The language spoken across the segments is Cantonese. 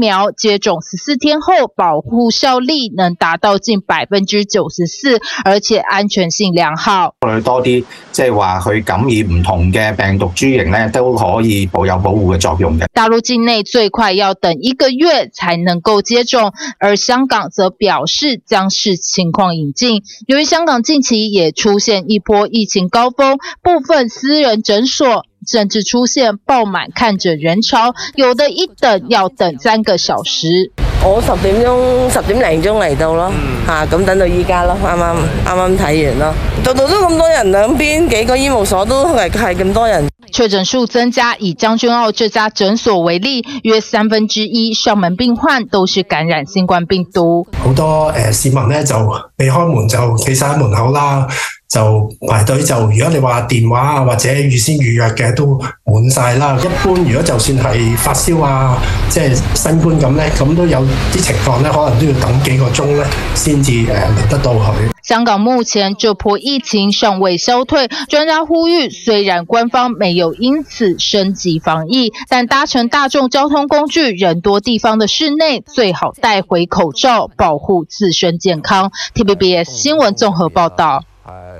苗接種十四天後，保護效力能達到近百分之九十四，而且安全性良好。多啲，即係話，佢感染唔同嘅病毒株型咧，都可以保有保護嘅作用嘅。大陸境內最快要等一個月才能夠接種，而香港則表示將視情況引進。由於香港近期也出現一波疫情高峰，部分私人診所，甚至出現爆滿，看診人潮，有的一等要等三個小時。我十點鐘、十點零鐘嚟到咯，吓咁、mm. 等到依家咯，啱啱啱啱睇完咯，度度都咁多人，兩邊幾個醫務所都係係咁多人。確診數增加，以將軍澳這家診所為例，約三分之一上門病患都是感染新冠病毒。好多誒、呃、市民咧就未開門就企晒喺門口啦。就排隊就，如果你話電話啊或者預先預約嘅都滿晒啦。一般如果就算係發燒啊，即係新冠咁咧，咁都有啲情況咧，可能都要等幾個鐘咧先至誒得到佢。香港目前這波疫情尚未消退，專家呼籲，雖然官方沒有因此升級防疫，但搭乘大眾交通工具人多地方的室內最好戴回口罩，保護自身健康。TVBS 新聞綜合報道。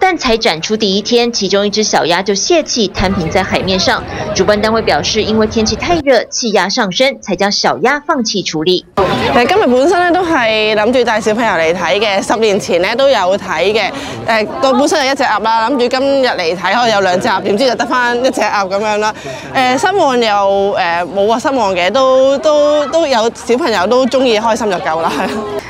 但才展出第一天，其中一隻小鴨就泄氣，攤平在海面上。主辦單位表示，因為天氣太熱，氣壓上升，才將小鴨放棄處理。誒、呃，今日本身咧都係諗住帶小朋友嚟睇嘅，十年前咧都有睇嘅。誒、呃，個本身係一隻鴨啦，諗住今日嚟睇，可能有兩隻鴨，點知就得翻一隻鴨咁樣啦。誒、呃，失望又誒冇話失望嘅，都都都有小朋友都中意開心就夠啦。